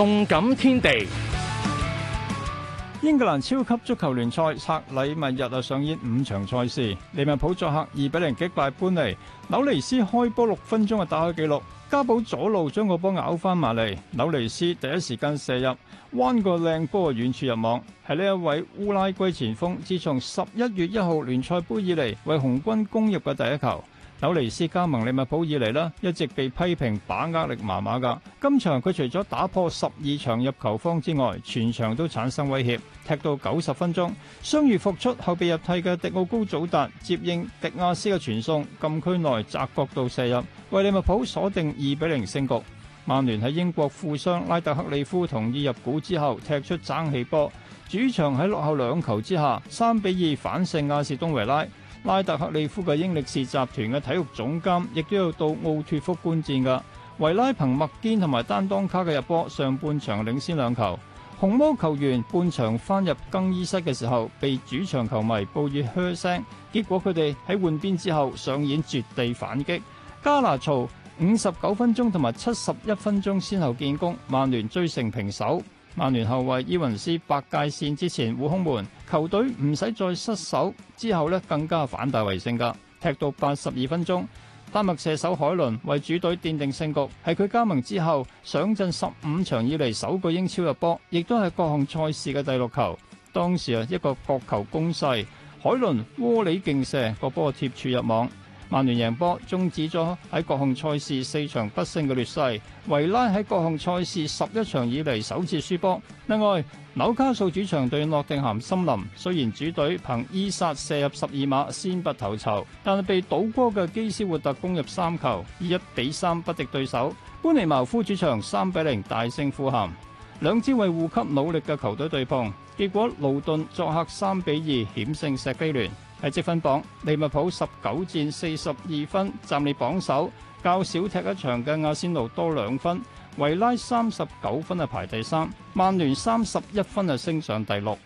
動感天地，英格蘭超級足球聯賽拆禮物日啊上演五場賽事，利物浦作客二比零擊敗般尼，紐尼斯開波六分鐘啊打開紀錄，加寶左路將個波咬翻埋嚟，紐尼斯第一時間射入，彎個靚波遠處入網，係呢一位烏拉圭前鋒自從十一月一號聯賽杯以嚟為紅軍攻入嘅第一球。紐尼斯加盟利物浦以嚟，呢一直被批評把握力麻麻噶。今場佢除咗打破十二場入球荒之外，全場都產生威脅，踢到九十分鐘，傷愈復出後備入替嘅迪奧高祖達接應迪亞斯嘅傳送，禁區內窄角度射入，為利物浦鎖定二比零勝局。曼聯喺英國富商拉特克利夫同意入股之後，踢出爭氣波，主場喺落後兩球之下三比二反勝亞士東維拉。拉特克利夫嘅英力士集團嘅體育總監亦都要到奧脫福觀戰嘅。維拉憑麥堅同埋丹當卡嘅入波，上半場領先兩球。紅魔球員半場返入更衣室嘅時候，被主場球迷報以噓聲。結果佢哋喺換邊之後上演絕地反擊。加拿曹五十九分鐘同埋七十一分鐘先後建功，曼聯追成平手。曼聯後衛伊雲斯八界線之前護空門，球隊唔使再失手，之後更加反敗為勝噶。踢到八十二分鐘，丹麥射手海倫為主隊奠定勝局，係佢加盟之後上陣十五場以嚟首個英超入波，亦都係各項賽事嘅第六球。當時啊，一個角球攻勢，海倫窩里勁射個波貼柱入網。曼聯贏波，終止咗喺各項賽事四場不勝嘅劣勢。維拉喺各項賽事十一場以嚟，首次輸波。另外，紐卡素主場對諾定咸森林，雖然主隊憑伊薩射入十二碼先拔頭籌，但係被倒戈嘅基斯活特攻入三球，以一比三不敵對手。般尼茅夫主場三比零大勝富咸。兩支為護級努力嘅球隊對碰，結果勞頓作客三比二險勝錫菲聯。喺積分榜，利物浦十九戰四十二分，暫列榜首，較少踢一場嘅阿仙奴多兩分，維拉三十九分啊排第三，曼聯三十一分啊升上第六。